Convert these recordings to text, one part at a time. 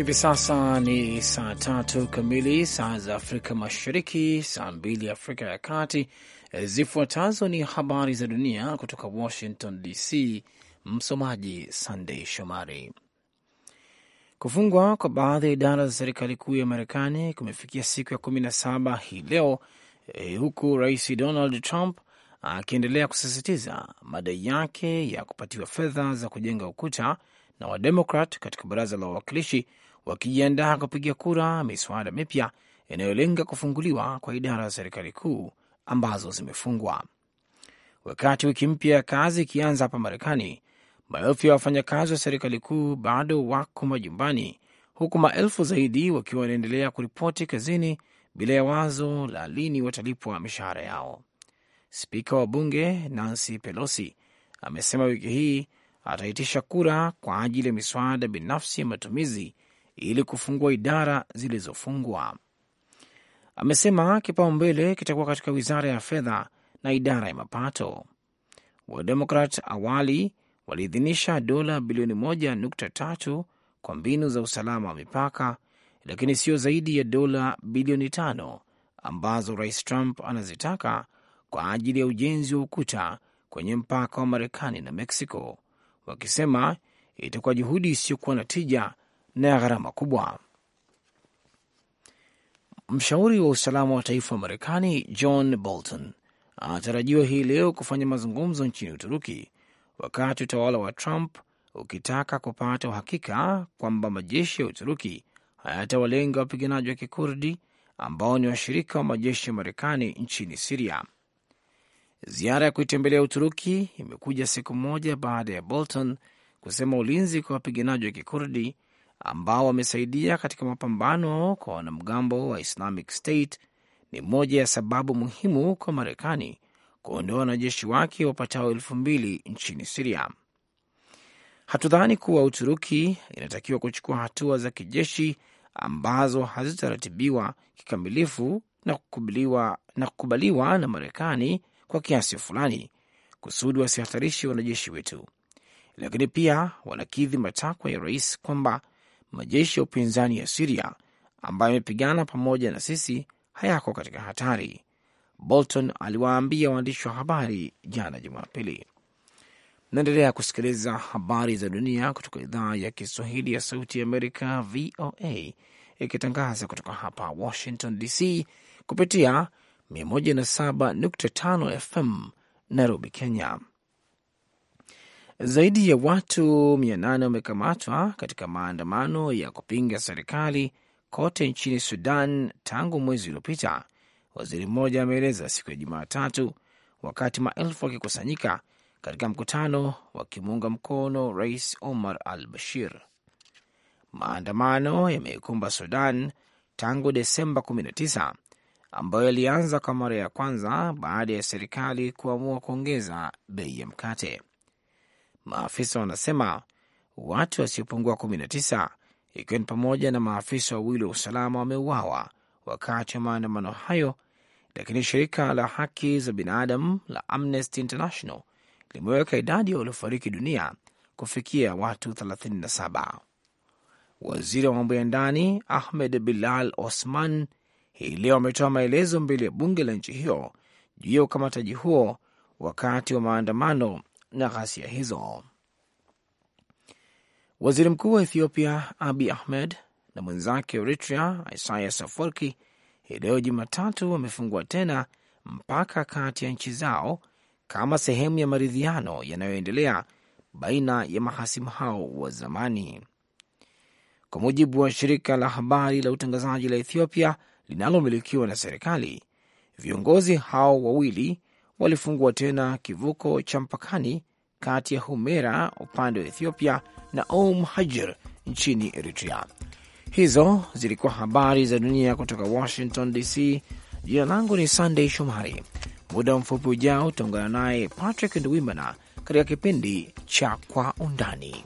Hivi sasa ni saa tatu kamili saa za Afrika Mashariki, saa mbili Afrika ya Kati. Eh, zifuatazo ni habari za dunia kutoka Washington DC. Msomaji Sandei Shomari. Kufungwa kwa baadhi ya idara za serikali kuu ya Marekani kumefikia siku ya kumi na saba hii leo e, huku Rais Donald Trump akiendelea kusisitiza madai yake ya kupatiwa fedha za kujenga ukuta na Wademokrat katika baraza la wawakilishi wakijiandaa kupiga kura miswada mipya inayolenga kufunguliwa kwa idara za serikali kuu ambazo zimefungwa. Wakati wiki mpya ya kazi ikianza hapa Marekani, maelfu ya wafanyakazi wa serikali kuu bado wako majumbani, huku maelfu zaidi wakiwa wanaendelea kuripoti kazini bila ya wazo la lini watalipwa mishahara yao. Spika wa bunge Nancy Pelosi amesema wiki hii ataitisha kura kwa ajili ya miswada binafsi ya matumizi ili kufungua idara zilizofungwa. Amesema kipaumbele kitakuwa katika wizara ya fedha na idara ya mapato. Wademokrat awali waliidhinisha dola bilioni 1.3 kwa mbinu za usalama wa mipaka, lakini sio zaidi ya dola bilioni tano ambazo rais Trump anazitaka kwa ajili ya ujenzi wa ukuta kwenye mpaka wa Marekani na Meksiko, wakisema itakuwa juhudi isiyokuwa na tija na ya gharama kubwa. Mshauri wa usalama wa taifa wa Marekani John Bolton anatarajiwa hii leo kufanya mazungumzo nchini Uturuki, wakati utawala wa Trump ukitaka kupata uhakika kwamba majeshi ya Uturuki hayatawalenga wapiganaji wa Kikurdi ambao ni washirika wa majeshi ya Marekani nchini Siria. Ziara ya kuitembelea Uturuki imekuja siku moja baada ya Bolton kusema ulinzi kwa wapiganaji wa Kikurdi ambao wamesaidia katika mapambano kwa wanamgambo wa Islamic State ni moja ya sababu muhimu kwa Marekani kuondoa wanajeshi wake wapatao elfu mbili nchini Siria. Hatudhani kuwa Uturuki inatakiwa kuchukua hatua za kijeshi ambazo hazitaratibiwa kikamilifu na kukubaliwa na, kukubaliwa na Marekani kwa kiasi fulani kusudi wasihatarishi wanajeshi wetu, lakini pia wanakidhi matakwa ya rais kwamba majeshi ya upinzani ya Siria ambayo yamepigana pamoja na sisi hayako katika hatari, Bolton aliwaambia waandishi wa habari jana Jumapili. Naendelea kusikiliza habari za dunia kutoka idhaa ya Kiswahili ya Sauti ya Amerika, VOA, ikitangaza kutoka hapa Washington DC kupitia 107.5 FM Nairobi, Kenya. Zaidi ya watu 8 wamekamatwa katika maandamano ya kupinga serikali kote nchini Sudan tangu mwezi uliopita, waziri mmoja ameeleza siku ya Jumatatu, wakati maelfu wakikusanyika katika mkutano wakimuunga mkono Rais Omar al Bashir. Maandamano yameikumba Sudan tangu Desemba 19 ambayo yalianza kwa mara ya kwanza baada ya serikali kuamua kuongeza bei ya mkate. Maafisa wanasema watu wasiopungua 19 ikiwa ni pamoja na maafisa wawili wa usalama wameuawa wakati wa maandamano hayo, lakini shirika la haki za binadamu la Amnesty International limeweka idadi ya waliofariki dunia kufikia watu 37. Waziri wa mambo ya ndani Ahmed Bilal Osman hii leo ametoa maelezo mbele ya bunge la nchi hiyo juu ya ukamataji huo wakati wa maandamano na ghasia hizo. Waziri mkuu wa Ethiopia Abi Ahmed na mwenzake wa Eritrea Isaias Afwerki hii leo Jumatatu wamefungua tena mpaka kati ya nchi zao kama sehemu ya maridhiano yanayoendelea baina ya mahasimu hao wa zamani. Kwa mujibu wa shirika la habari la utangazaji la Ethiopia linalomilikiwa na serikali, viongozi hao wawili walifungua tena kivuko cha mpakani kati ya Humera upande wa Ethiopia na Om hajer nchini Eritrea. Hizo zilikuwa habari za dunia kutoka Washington DC. Jina langu ni Sandey Shomari. Muda mfupi ujao utaungana naye Patrick Ndwimana katika kipindi cha Kwa Undani.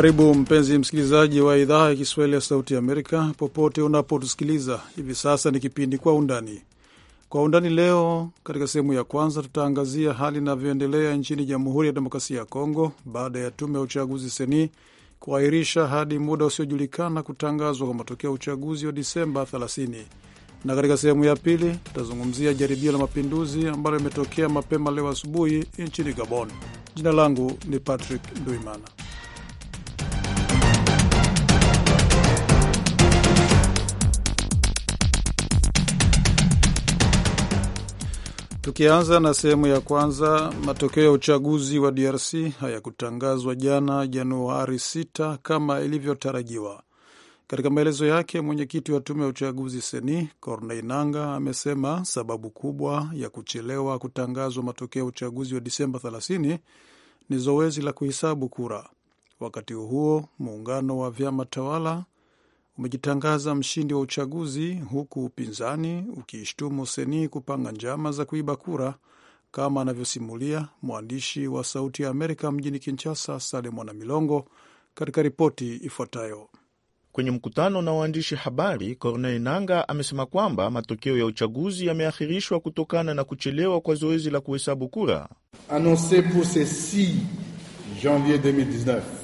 Karibu mpenzi msikilizaji wa idhaa ya Kiswahili ya Sauti Amerika popote unapotusikiliza hivi sasa. Ni kipindi Kwa Undani. Kwa Undani leo, katika sehemu ya kwanza tutaangazia hali inavyoendelea nchini Jamhuri ya Demokrasia ya Kongo baada ya tume ya uchaguzi seni kuahirisha hadi muda usiojulikana kutangazwa kwa matokeo ya uchaguzi wa Disemba 30, na katika sehemu ya pili tutazungumzia jaribio la mapinduzi ambalo limetokea mapema leo asubuhi nchini Gabon. Jina langu ni Patrick Nduimana. Tukianza na sehemu ya kwanza, matokeo ya uchaguzi wa DRC hayakutangazwa jana Januari 6 kama ilivyotarajiwa. Katika maelezo yake, mwenyekiti wa tume ya uchaguzi seni Corneille Nanga amesema sababu kubwa ya kuchelewa kutangazwa matokeo ya uchaguzi wa Disemba 30 ni zoezi la kuhesabu kura. Wakati huo muungano wa vyama tawala umejitangaza mshindi wa uchaguzi huku upinzani ukiishtumu Seni kupanga njama za kuiba kura, kama anavyosimulia mwandishi wa Sauti ya Amerika mjini Kinshasa, Sale Mwana Milongo, katika ripoti ifuatayo. Kwenye mkutano na waandishi habari, Corneille Nanga amesema kwamba matokeo ya uchaguzi yameahirishwa kutokana na kuchelewa kwa zoezi la kuhesabu kura. Annonce pour ce 6 janvier 2019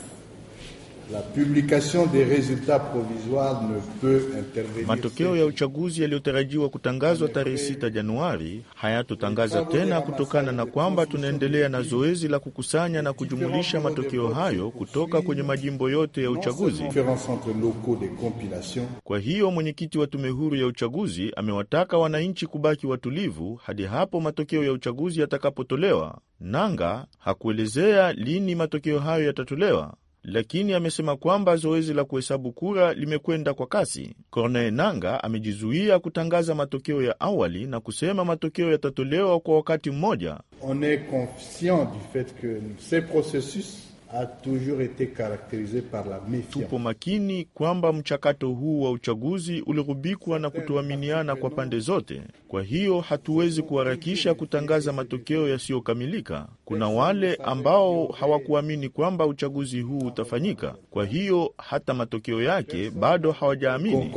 la publication des résultats provisoires ne peut intervenir. Matokeo ya uchaguzi yaliyotarajiwa kutangazwa tarehe sita Januari hayatotangaza tena kutokana na kwamba tunaendelea na zoezi la kukusanya na kujumulisha matokeo hayo kutoka kwenye majimbo yote ya uchaguzi. Kwa hiyo mwenyekiti wa tume huru ya uchaguzi amewataka wananchi kubaki watulivu hadi hapo matokeo ya uchaguzi yatakapotolewa. Nanga hakuelezea lini matokeo hayo yatatolewa lakini amesema kwamba zoezi la kuhesabu kura limekwenda kwa kasi. Corneille nanga amejizuia kutangaza matokeo ya awali na kusema matokeo yatatolewa kwa wakati mmoja. On est conscient du fait que processus a toujours été par la méfiance. Tupo makini kwamba mchakato huu wa uchaguzi uligubikwa na kutoaminiana kwa pande zote. Kwa hiyo hatuwezi kuharakisha kutangaza matokeo yasiyokamilika. Kuna wale ambao hawakuamini kwamba uchaguzi huu utafanyika, kwa hiyo hata matokeo yake bado hawajaamini.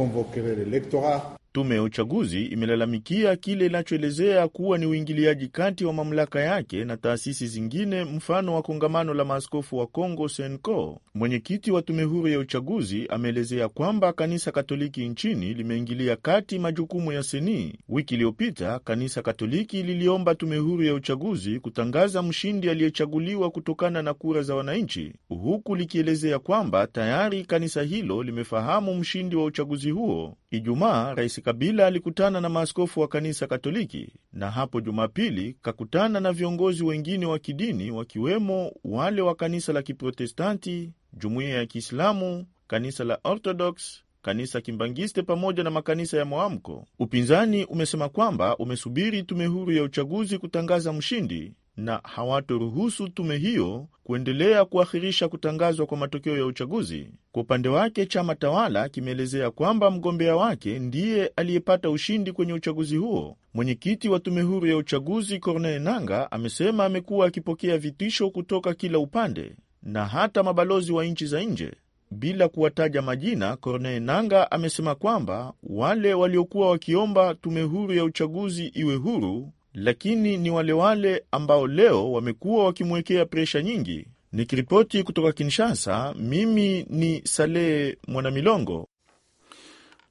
Tume ya uchaguzi imelalamikia kile inachoelezea kuwa ni uingiliaji kati wa mamlaka yake na taasisi zingine, mfano wa kongamano la maaskofu wa congo senco Mwenyekiti wa tume huru ya uchaguzi ameelezea kwamba kanisa Katoliki nchini limeingilia kati majukumu ya Seni. Wiki iliyopita kanisa Katoliki liliomba tume huru ya uchaguzi kutangaza mshindi aliyechaguliwa kutokana na kura za wananchi, huku likielezea kwamba tayari kanisa hilo limefahamu mshindi wa uchaguzi huo. Ijumaa Rais Kabila alikutana na maaskofu wa kanisa Katoliki na hapo Jumapili kakutana na viongozi wengine wa kidini wakiwemo wale wa kanisa la Kiprotestanti, jumuiya ya Kiislamu, kanisa la Orthodox, kanisa kimbangiste pamoja na makanisa ya mwamko. Upinzani umesema kwamba umesubiri tume huru ya uchaguzi kutangaza mshindi na hawatoruhusu tume hiyo kuendelea kuahirisha kutangazwa kwa matokeo ya uchaguzi. Kwa upande wake, chama tawala kimeelezea kwamba mgombea wake ndiye aliyepata ushindi kwenye uchaguzi huo. Mwenyekiti wa tume huru ya uchaguzi Corneille Nanga amesema amekuwa akipokea vitisho kutoka kila upande na hata mabalozi wa nchi za nje. Bila kuwataja majina, Corneille Nanga amesema kwamba wale waliokuwa wakiomba tume huru ya uchaguzi iwe huru lakini ni wale wale ambao leo wamekuwa wakimwekea presha nyingi. Nikiripoti kutoka Kinshasa, mimi ni Saleh Mwanamilongo.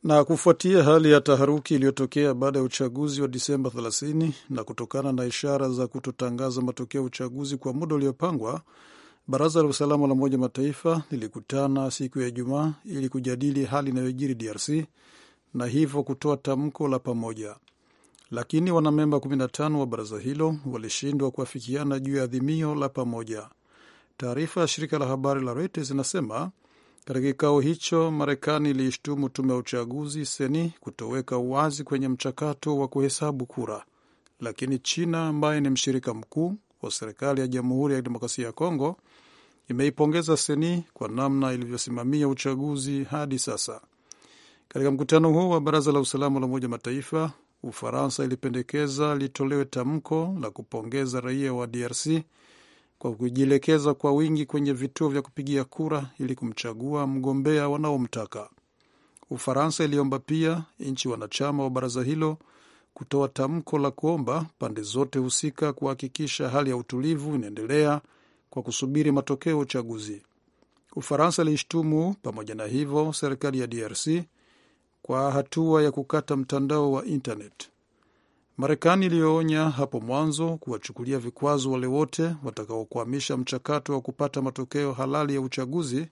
Na kufuatia hali ya taharuki iliyotokea baada ya uchaguzi wa Disemba 30 na kutokana na ishara za kutotangaza matokeo ya uchaguzi kwa muda uliopangwa, baraza la usalama la Umoja Mataifa lilikutana siku ya Ijumaa ili kujadili hali inayojiri DRC na hivyo kutoa tamko la pamoja lakini wanamemba 15 wa baraza hilo walishindwa kuafikiana juu ya adhimio la pamoja. Taarifa ya shirika la habari la Reuters inasema katika kikao hicho Marekani iliishtumu tume ya uchaguzi seni kutoweka wazi kwenye mchakato wa kuhesabu kura, lakini China ambaye ni mshirika mkuu wa serikali ya Jamhuri ya Kidemokrasia ya Kongo imeipongeza seni kwa namna ilivyosimamia uchaguzi hadi sasa. Katika mkutano huo wa baraza la usalama la Umoja Mataifa, Ufaransa ilipendekeza litolewe tamko la kupongeza raia wa DRC kwa kujielekeza kwa wingi kwenye vituo vya kupigia kura ili kumchagua mgombea wanaomtaka. Ufaransa iliomba pia nchi wanachama wa baraza hilo kutoa tamko la kuomba pande zote husika kuhakikisha hali ya utulivu inaendelea kwa kusubiri matokeo ya uchaguzi. Ufaransa ilishtumu pamoja na hivyo serikali ya DRC kwa hatua ya kukata mtandao wa intanet. Marekani iliyoonya hapo mwanzo kuwachukulia vikwazo wale wote watakaokwamisha mchakato wa kupata matokeo halali ya uchaguzi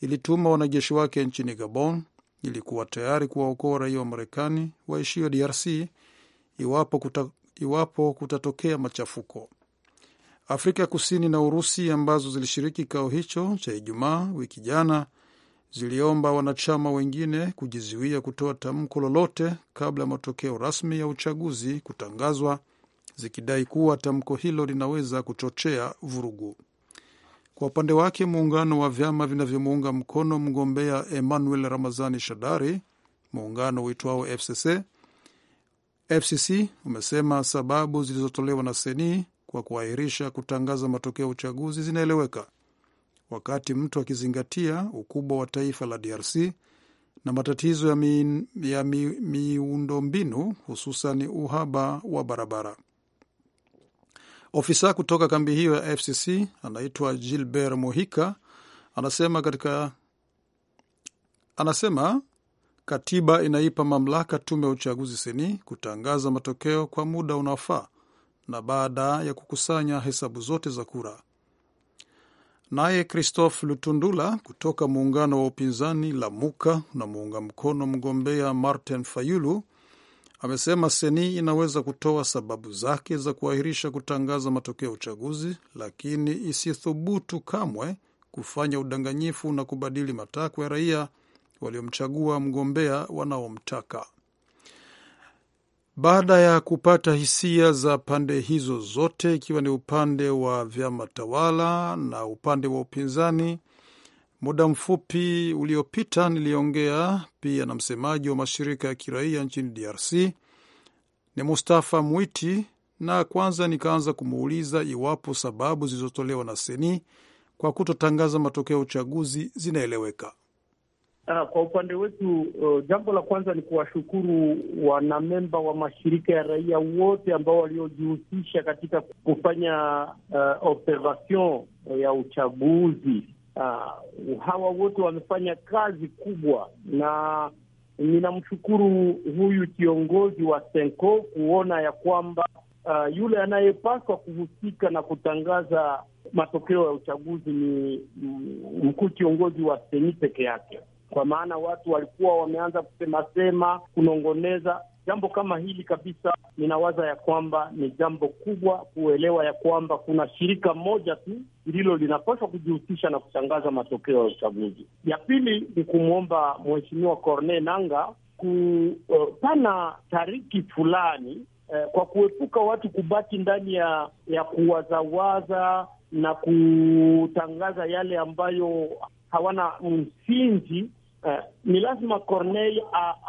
ilituma wanajeshi wake nchini Gabon ilikuwa tayari kuwaokoa raia wa Marekani waishio DRC iwapo, kuta, iwapo kutatokea machafuko. Afrika Kusini na Urusi ambazo zilishiriki kikao hicho cha Ijumaa wiki jana ziliomba wanachama wengine kujizuia kutoa tamko lolote kabla ya matokeo rasmi ya uchaguzi kutangazwa, zikidai kuwa tamko hilo linaweza kuchochea vurugu. Kwa upande wake, muungano wa vyama vinavyomuunga mkono mgombea Emmanuel Ramazani Shadari, muungano uitwao FCC FCC umesema sababu zilizotolewa na Seni kwa kuahirisha kutangaza matokeo ya uchaguzi zinaeleweka, wakati mtu akizingatia ukubwa wa taifa la DRC na matatizo ya, mi, ya mi, miundombinu hususan uhaba wa barabara. Ofisa kutoka kambi hiyo ya FCC anaitwa Gilbert Mohika anasema katika anasema katiba inaipa mamlaka tume ya uchaguzi seni kutangaza matokeo kwa muda unaofaa na baada ya kukusanya hesabu zote za kura. Naye Christophe Lutundula kutoka muungano wa upinzani Lamuka na muunga mkono mgombea Martin Fayulu amesema Seni inaweza kutoa sababu zake za kuahirisha kutangaza matokeo ya uchaguzi, lakini isithubutu kamwe kufanya udanganyifu na kubadili matakwa ya raia waliomchagua mgombea wanaomtaka. Baada ya kupata hisia za pande hizo zote, ikiwa ni upande wa vyama tawala na upande wa upinzani, muda mfupi uliopita niliongea pia na msemaji wa mashirika ya kiraia nchini DRC ni Mustafa Mwiti, na kwanza nikaanza kumuuliza iwapo sababu zilizotolewa na Seni kwa kutotangaza matokeo ya uchaguzi zinaeleweka. Uh, kwa upande wetu uh, jambo la kwanza ni kuwashukuru wanamemba wa mashirika ya raia wote ambao waliojihusisha katika kufanya uh, observation ya uchaguzi. Uh, hawa wote wamefanya kazi kubwa, na ninamshukuru huyu kiongozi wa Senko kuona ya kwamba uh, yule anayepaswa kuhusika na kutangaza matokeo ya uchaguzi ni mm, mkuu kiongozi wa Seni peke yake kwa maana watu walikuwa wameanza kusemasema, kunongoneza jambo kama hili kabisa. Ninawaza ya kwamba ni jambo kubwa kuelewa ya kwamba kuna shirika moja tu ndilo linapaswa kujihusisha na kutangaza matokeo ya uchaguzi. Ya pili ni kumwomba Mheshimiwa Corneille Nanga kupana eh, tariki fulani eh, kwa kuepuka watu kubaki ndani ya ya kuwazawaza na kutangaza yale ambayo hawana msingi Eh, ni lazima Corneille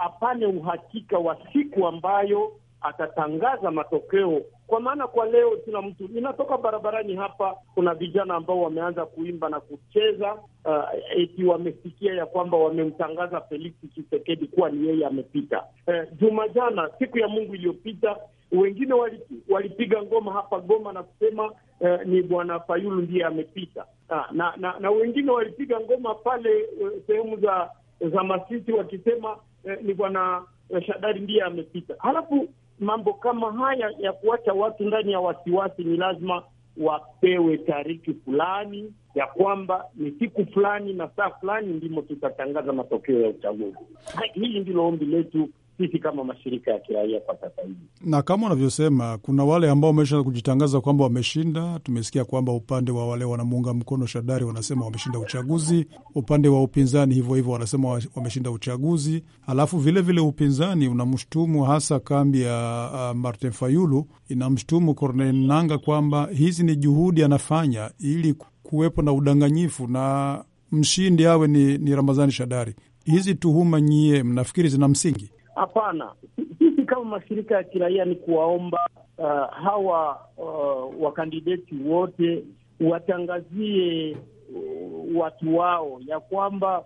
apane uhakika wa siku ambayo atatangaza matokeo, kwa maana kwa leo kila mtu ninatoka barabarani hapa, kuna vijana ambao wameanza kuimba na kucheza uh, eti wamesikia ya kwamba wamemtangaza Felix chisekedi kuwa ni yeye amepita. Uh, juma jana siku ya Mungu iliyopita wengine walipiga ngoma hapa Goma na kusema uh, ni bwana Fayulu ndiye amepita, ah, na, na na wengine walipiga ngoma pale eh, sehemu za za Masisi wakisema eh, ni bwana Shadari ndiye amepita. Halafu mambo kama haya ya kuacha watu ndani ya wasiwasi, ni lazima wapewe tariki fulani ya kwamba ni siku fulani na saa fulani ndimo tutatangaza matokeo ya uchaguzi. Hili ndilo ombi letu sisi kama mashirika ya kiraia kwa sasa hivi. Na kama unavyosema, kuna wale ambao wamesha kujitangaza kwamba wameshinda. Tumesikia kwamba upande wa wale wanamuunga mkono Shadari wanasema wameshinda uchaguzi, upande wa upinzani hivyo hivyo wanasema wameshinda uchaguzi. Alafu vilevile vile upinzani unamshutumu hasa kambi ya Martin Fayulu inamshutumu Corneille Nanga kwamba hizi ni juhudi anafanya ili kuwepo na udanganyifu na mshindi awe ni, ni Ramazani Shadari. Hizi tuhuma nyie mnafikiri zina msingi? Hapana, sisi kama mashirika ya kiraia ni kuwaomba uh, hawa uh, wakandideti wote watangazie uh, watu wao ya kwamba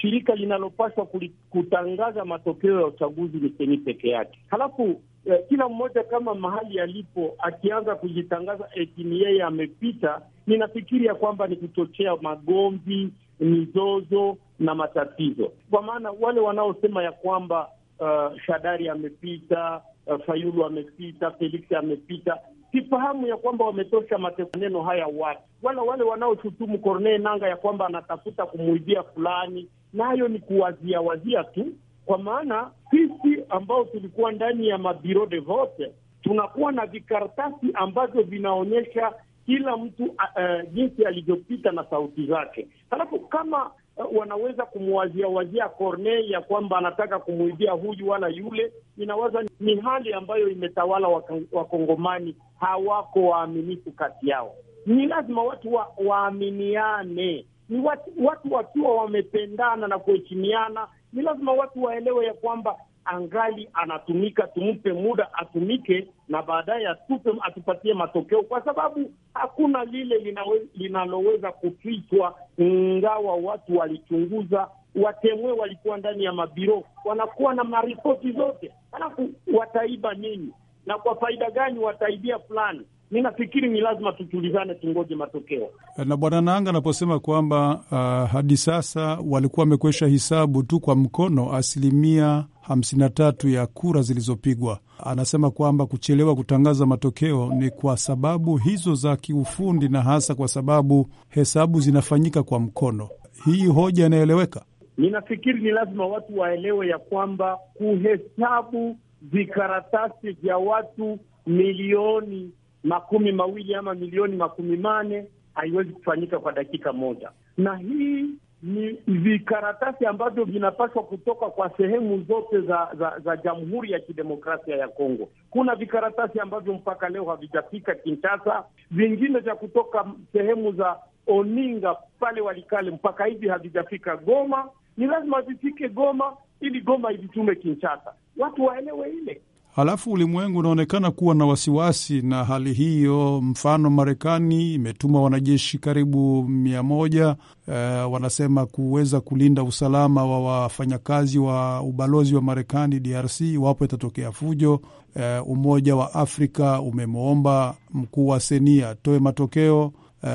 shirika linalopaswa kutangaza matokeo ya uchaguzi ni seni peke yake. Halafu eh, kila mmoja kama mahali alipo akianza kujitangaza eti ni yeye amepita, ninafikiri ya kwamba ni kuchochea magomvi, mizozo na matatizo, kwa maana wale wanaosema ya kwamba uh, Shadari amepita, uh, Fayulu amepita, Felix amepita, sifahamu ya kwamba wametosha maneno haya watu wala wale wanaoshutumu Corneille Nanga ya kwamba anatafuta kumuibia fulani, nayo ni kuwazia wazia tu, kwa maana sisi ambao tulikuwa ndani ya mabiro de vote tunakuwa na vikaratasi ambavyo vinaonyesha kila mtu uh, uh jinsi alivyopita na sauti zake. Halafu kama wanaweza kumwazia wazia Corneille ya kwamba anataka kumwibia huyu wala yule. Inawaza ni hali ambayo imetawala Wakongomani, hawako waaminifu kati yao. Ni lazima watu wa, waaminiane. Ni watu, watu wakiwa wamependana na kuheshimiana, ni lazima watu waelewe ya kwamba angali anatumika, tumpe muda atumike, na baadaye atupe atupatie matokeo, kwa sababu hakuna lile linaloweza kufichwa. Ingawa watu walichunguza, watemwe walikuwa ndani ya mabiro, wanakuwa na maripoti zote, halafu wataiba nini na kwa faida gani? Wataibia fulani mi nafikiri ni lazima tutulizane, tungoje matokeo. Na bwana Nanga anaposema kwamba uh, hadi sasa walikuwa wamekuesha hisabu tu kwa mkono asilimia hamsini na tatu ya kura zilizopigwa, anasema kwamba kuchelewa kutangaza matokeo ni kwa sababu hizo za kiufundi, na hasa kwa sababu hesabu zinafanyika kwa mkono. Hii hoja inaeleweka. Ninafikiri ni lazima watu waelewe ya kwamba kuhesabu vikaratasi vya watu milioni makumi mawili ama milioni makumi mane haiwezi kufanyika kwa dakika moja, na hii ni vikaratasi ambavyo vinapaswa kutoka kwa sehemu zote za za, za Jamhuri ya Kidemokrasia ya Kongo. Kuna vikaratasi ambavyo mpaka leo havijafika Kinshasa, vingine vya kutoka sehemu za Oninga pale Walikale mpaka hivi havijafika Goma. Ni lazima vifike Goma ili Goma ivitume Kinshasa, watu waelewe ile Halafu ulimwengu unaonekana kuwa na wasiwasi na hali hiyo. Mfano, Marekani imetuma wanajeshi karibu mia moja e, wanasema kuweza kulinda usalama wa wafanyakazi wa ubalozi wa Marekani DRC iwapo itatokea fujo. E, Umoja wa Afrika umemwomba mkuu wa senia atoe matokeo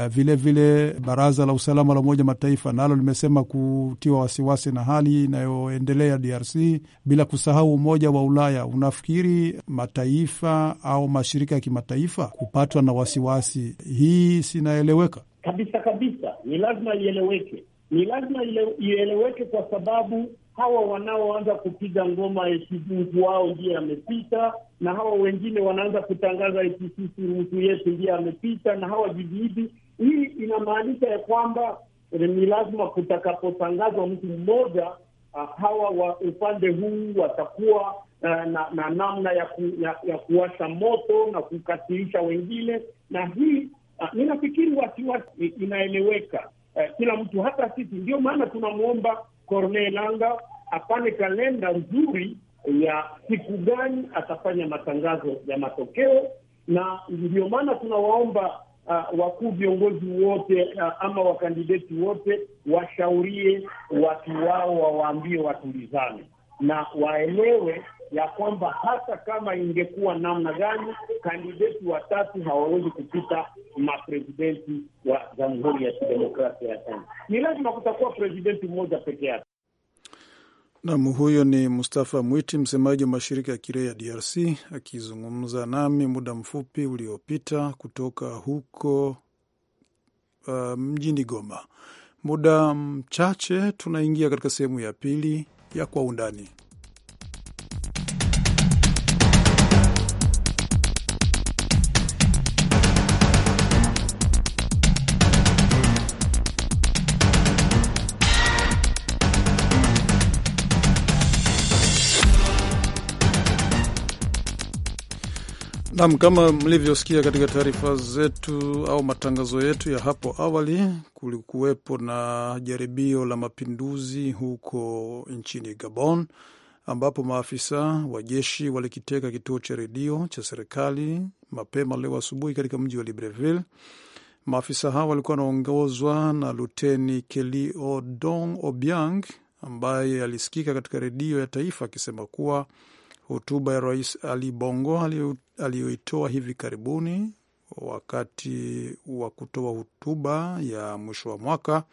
Vilevile eh, vile, baraza la usalama la Umoja Mataifa nalo limesema kutiwa wasiwasi na hali inayoendelea DRC, bila kusahau Umoja wa Ulaya. Unafikiri mataifa au mashirika ya kimataifa kupatwa na wasiwasi hii sinaeleweka kabisa kabisa? Ni lazima ieleweke, ni lazima ieleweke kwa sababu hawa wanaoanza kupiga ngoma eti wao ndiye amepita, na hawa wengine wanaanza kutangaza eti sisi mtu yetu ndiye amepita, na hawa vivihivi hii inamaanisha ya kwamba ni lazima kutakapotangazwa mtu mmoja uh, hawa wa upande huu watakuwa uh, na, na namna ya, ku, ya, ya kuwasha moto na kukasirisha wengine, na hii uh, ninafikiri wasiwasi inaeleweka uh, kila mtu, hata sisi. Ndio maana tunamwomba Corneille Nangaa apane kalenda nzuri ya siku gani atafanya matangazo ya matokeo, na ndio maana tunawaomba uh, wakuu viongozi wote uh, ama wakandideti wote washaurie watu wao, wawaambie watulizane na waelewe ya kwamba hata kama ingekuwa namna gani, kandideti watatu hawawezi kupita maprezidenti wa Jamhuri ya Kidemokrasia ya Kongo. Ni lazima kutakuwa prezidenti mmoja peke yake. Nam, huyo ni Mustafa Mwiti, msemaji wa mashirika ya kiraia ya DRC akizungumza nami muda mfupi uliopita kutoka huko uh, mjini Goma. Muda mchache tunaingia katika sehemu ya pili ya Kwa Undani. Nam, kama mlivyosikia katika taarifa zetu au matangazo yetu ya hapo awali, kulikuwepo na jaribio la mapinduzi huko nchini Gabon, ambapo maafisa wa jeshi walikiteka kituo cha redio cha serikali mapema leo asubuhi katika mji wa Libreville. Maafisa hao walikuwa wanaongozwa na Luteni Keli Odong Obiang ambaye alisikika katika redio ya taifa akisema kuwa hotuba ya Rais Ali Bongo aliyoitoa hivi karibuni wakati wa kutoa hotuba ya mwisho wa mwaka.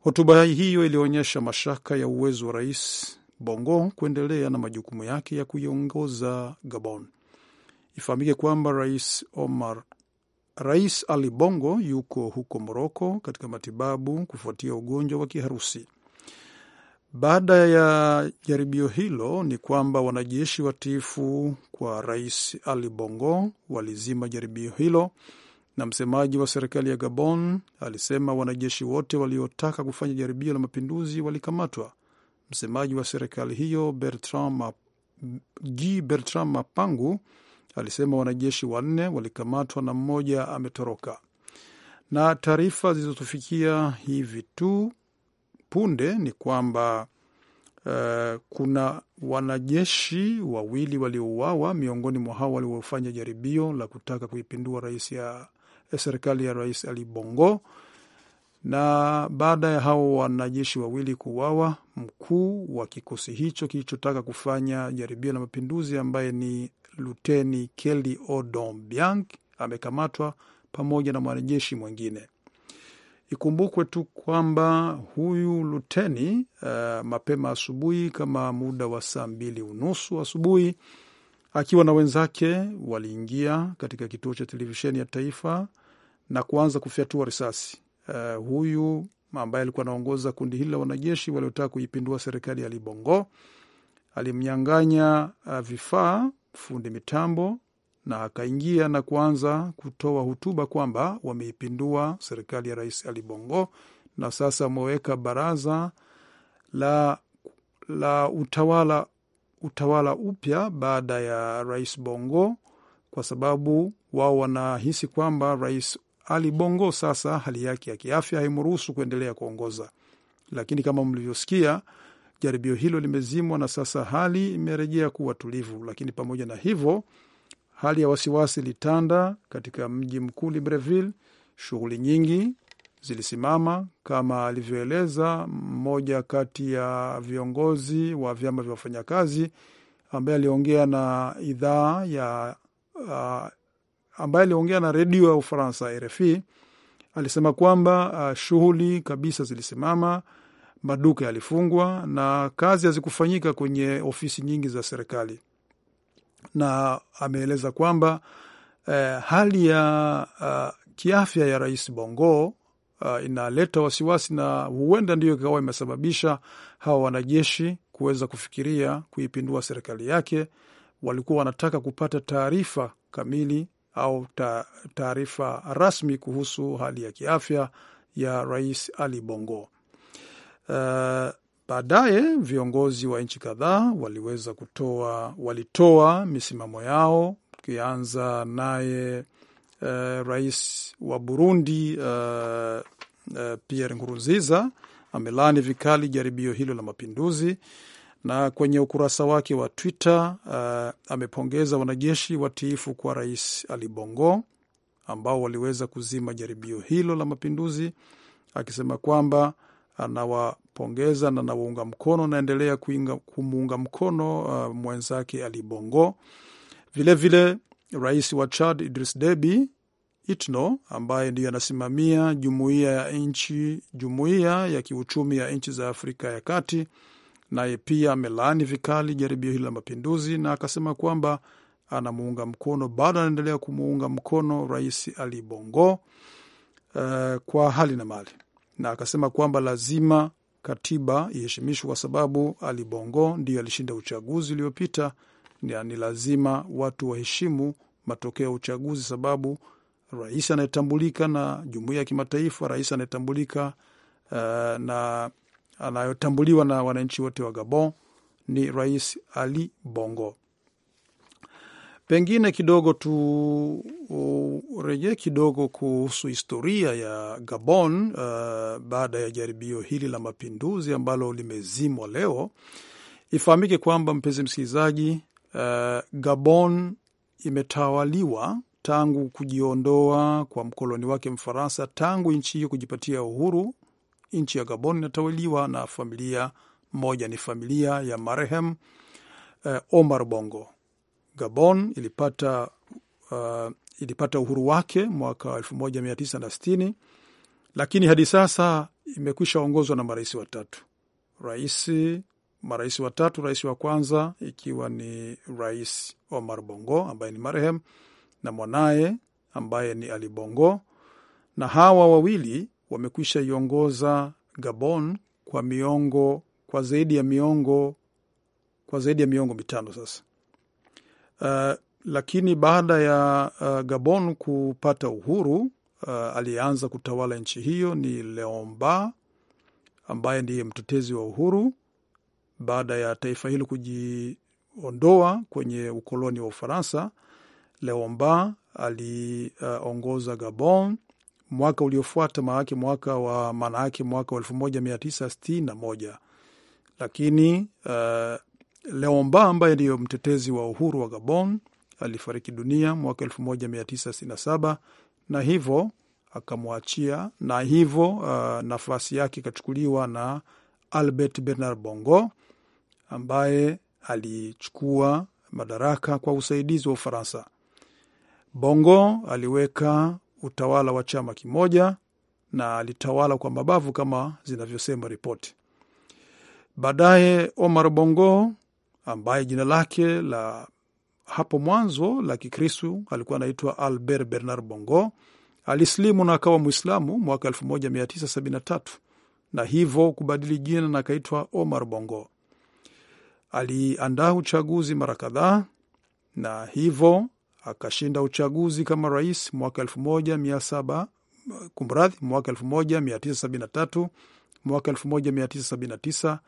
Hotuba hiyo ilionyesha mashaka ya uwezo wa Rais Bongo kuendelea na majukumu yake ya kuiongoza Gabon. Ifahamike kwamba Rais Omar Rais Ali Bongo yuko huko Moroko katika matibabu kufuatia ugonjwa wa kiharusi. Baada ya jaribio hilo ni kwamba wanajeshi watiifu kwa Rais Ali Bongo walizima jaribio hilo, na msemaji wa serikali ya Gabon alisema wanajeshi wote waliotaka kufanya jaribio la mapinduzi walikamatwa. Msemaji wa serikali hiyo Gi bertran Bertrand Mapangu alisema wanajeshi wanne walikamatwa na mmoja ametoroka. Na taarifa zilizotufikia hivi tu punde ni kwamba uh, kuna wanajeshi wawili waliouawa miongoni mwa hao waliofanya jaribio la kutaka kuipindua rais ya eh, serikali ya Rais Ali Bongo. Na baada ya hao wanajeshi wawili kuuawa, mkuu wa kikosi hicho kilichotaka kufanya jaribio la mapinduzi ambaye ni Luteni Kelly Odobiang amekamatwa pamoja na mwanajeshi mwingine. Ikumbukwe tu kwamba huyu luteni uh, mapema asubuhi kama muda wa saa mbili unusu asubuhi akiwa na wenzake waliingia katika kituo cha televisheni ya taifa na kuanza kufyatua risasi. Uh, huyu ambaye alikuwa anaongoza kundi hili la wanajeshi waliotaka kuipindua serikali ya libongo alimnyang'anya uh, vifaa fundi mitambo na akaingia na kuanza kutoa hutuba kwamba wameipindua serikali ya Rais Ali Bongo na sasa wameweka baraza la, la utawala, utawala upya baada ya Rais Bongo kwa sababu wao wanahisi kwamba Rais Ali Bongo sasa hali yake ya kiafya haimruhusu kuendelea kuongoza. Lakini kama mlivyosikia, jaribio hilo limezimwa na sasa hali imerejea kuwa tulivu, lakini pamoja na hivyo Hali ya wasiwasi ilitanda katika mji mkuu Libreville. Shughuli nyingi zilisimama, kama alivyoeleza mmoja kati ya viongozi wa vyama vya wafanyakazi ambaye aliongea na idhaa ya uh, ambaye aliongea na redio ya Ufaransa RFI. Alisema kwamba uh, shughuli kabisa zilisimama, maduka yalifungwa na kazi hazikufanyika kwenye ofisi nyingi za serikali na ameeleza kwamba eh, hali ya uh, kiafya ya Rais Bongo uh, inaleta wasiwasi na huenda ndiyo ikawa imesababisha hawa wanajeshi kuweza kufikiria kuipindua serikali yake. Walikuwa wanataka kupata taarifa kamili au taarifa rasmi kuhusu hali ya kiafya ya Rais Ali Bongo. Uh, Baadaye viongozi wa nchi kadhaa waliweza kutoa walitoa misimamo yao, tukianza naye eh, rais wa Burundi eh, eh, Pierre Nkurunziza amelani vikali jaribio hilo la mapinduzi, na kwenye ukurasa wake wa Twitter uh, amepongeza wanajeshi watiifu kwa rais Ali Bongo ambao waliweza kuzima jaribio hilo la mapinduzi, akisema kwamba anawa pongeza na nawaunga mkono, naendelea kumuunga mkono uh, mwenzake Ali Bongo. Vilevile rais wa Chad Idris Deby Itno ambaye ndiyo anasimamia jumuiya ya nchi jumuiya ya kiuchumi ya nchi za Afrika ya Kati, naye pia amelaani vikali jaribio hili la mapinduzi na akasema kwamba anamuunga mkono, bado anaendelea kumuunga mkono Rais Ali Bongo uh, kwa hali na mali, na akasema kwamba lazima katiba iheshimishwe kwa sababu Ali Bongo ndiyo alishinda uchaguzi uliopita, na ni lazima watu waheshimu matokeo ya uchaguzi, sababu rais anayetambulika na jumuiya ya kimataifa, rais anayetambulika uh, na anayotambuliwa na wananchi wote wa Gabon ni Rais Ali Bongo. Pengine kidogo turejee kidogo kuhusu historia ya Gabon uh, baada ya jaribio hili la mapinduzi ambalo limezimwa leo. Ifahamike kwamba mpenzi msikilizaji, uh, Gabon imetawaliwa tangu kujiondoa kwa mkoloni wake Mfaransa. Tangu nchi hiyo kujipatia uhuru, nchi ya Gabon inatawaliwa na familia moja, ni familia ya marehemu uh, Omar Bongo Gabon ilipata, uh, ilipata uhuru wake mwaka sitini, lakini hadi sasa imekwisha ongozwa na marais watatu, raisi marais watatu. Rais wa kwanza ikiwa ni Rais Omar Bongo ambaye ni marehemu na mwanaye ambaye ni Ali Bongo, na hawa wawili wamekwisha iongoza Gabon kwa miongo kwa zaidi ya miongo kwa zaidi ya miongo mitano sasa uh, lakini baada ya uh, Gabon kupata uhuru uh, aliyeanza kutawala nchi hiyo ni leomba ambaye ndiye mtetezi wa uhuru baada ya taifa hilo kujiondoa kwenye ukoloni wa Ufaransa. leomba aliongoza uh, Gabon mwaka uliofuata maake mwaka wa maanaake mwaka wa elfu moja mia tisa sitini na moja lakini uh, Leomba ambaye ndiyo mtetezi wa uhuru wa Gabon alifariki dunia mwaka 1967 na hivyo akamwachia na hivyo uh, nafasi yake ikachukuliwa na Albert Bernard Bongo ambaye alichukua madaraka kwa usaidizi wa Ufaransa. Bongo aliweka utawala wa chama kimoja na alitawala kwa mabavu kama zinavyosema ripoti. Baadaye Omar Bongo ambaye jina lake la hapo mwanzo la kikristu alikuwa anaitwa Albert Bernard Bongo alisilimu na akawa Mwislamu mwaka 1973 na hivyo kubadili jina na akaitwa Omar Bongo. Aliandaa uchaguzi mara kadhaa na hivyo akashinda uchaguzi kama rais mwaka 1700 kumradhi, mwaka 1973, mwaka 1979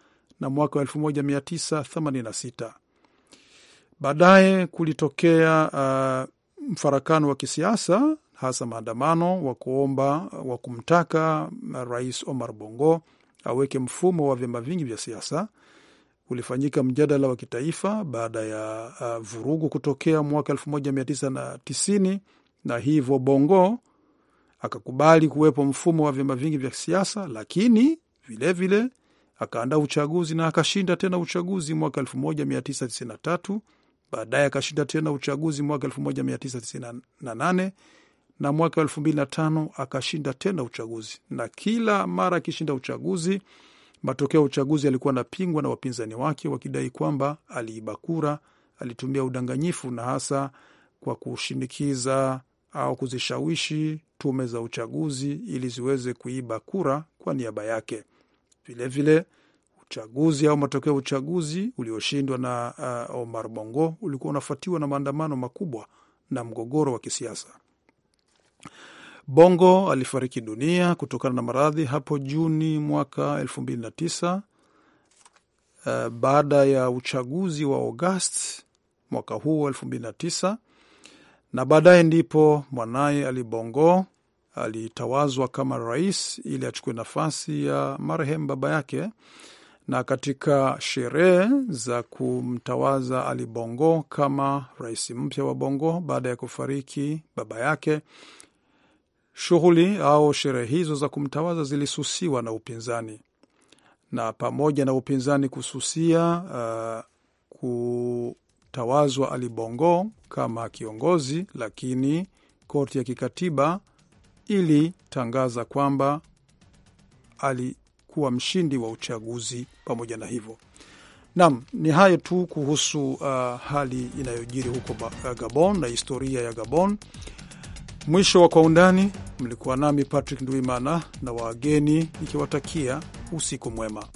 na mwaka wa 1986. Baadaye kulitokea uh, mfarakano wa kisiasa hasa maandamano wa kuomba wa kumtaka uh, Rais Omar Bongo aweke mfumo wa vyama vingi vya siasa. Ulifanyika mjadala wa kitaifa baada ya uh, vurugu kutokea mwaka 1990 na hivyo Bongo akakubali kuwepo mfumo wa vyama vingi vya siasa, lakini vilevile vile, akaandaa uchaguzi na akashinda tena uchaguzi mwaka 1993. Baadaye akashinda tena uchaguzi mwaka 1998 na mwaka 2005 akashinda tena uchaguzi, na kila mara akishinda uchaguzi, matokeo ya uchaguzi yalikuwa anapingwa na wapinzani wake wakidai kwamba aliiba kura, alitumia udanganyifu na hasa kwa kushinikiza au kuzishawishi tume za uchaguzi ili ziweze kuiba kura kwa niaba yake. Vilevile uchaguzi au matokeo ya uchaguzi ulioshindwa na uh, Omar Bongo ulikuwa unafuatiwa na maandamano makubwa na mgogoro wa kisiasa. Bongo alifariki dunia kutokana na maradhi hapo Juni mwaka elfu tisa uh, baada ya uchaguzi wa Agosti mwaka huu elfu tisa na baadaye ndipo mwanaye Ali Bongo alitawazwa kama rais ili achukue nafasi ya marehemu baba yake, na katika sherehe za kumtawaza Ali Bongo kama rais mpya wa Bongo baada ya kufariki baba yake, shughuli au sherehe hizo za kumtawaza zilisusiwa na upinzani, na pamoja na upinzani kususia uh, kutawazwa Ali Bongo kama kiongozi, lakini korti ya kikatiba ilitangaza kwamba alikuwa mshindi wa uchaguzi. Pamoja na hivyo, naam, ni hayo tu kuhusu uh, hali inayojiri huko uh, Gabon na historia ya Gabon. Mwisho wa Kwa Undani, mlikuwa nami Patrick Ndwimana na wageni nikiwatakia usiku mwema.